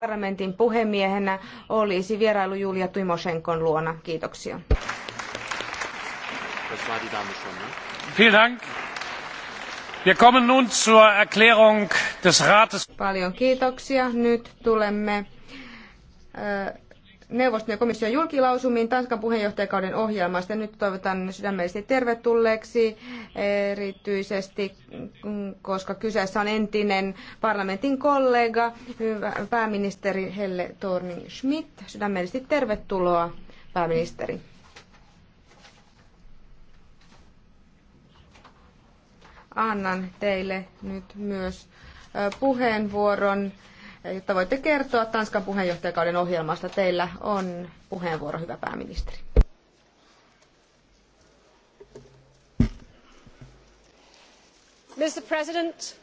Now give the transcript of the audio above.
parlamentin puhemiehenä olisi vierailu Julia Tymoshenkon luona. Kiitoksia. Paljon kiitoksia. Nyt tulemme äh, neuvoston ja komission julkilausumiin Tanskan puheenjohtajakauden ohjelmasta. Nyt toivotan sydämellisesti tervetulleeksi, erityisesti koska kyseessä on entinen parlamentin kollega, pääministeri Helle Thorning-Schmidt. Sydämellisesti tervetuloa, pääministeri. Annan teille nyt myös puheenvuoron jotta voitte kertoa Tanskan puheenjohtajakauden ohjelmasta. Teillä on puheenvuoro, hyvä pääministeri. Mr. President.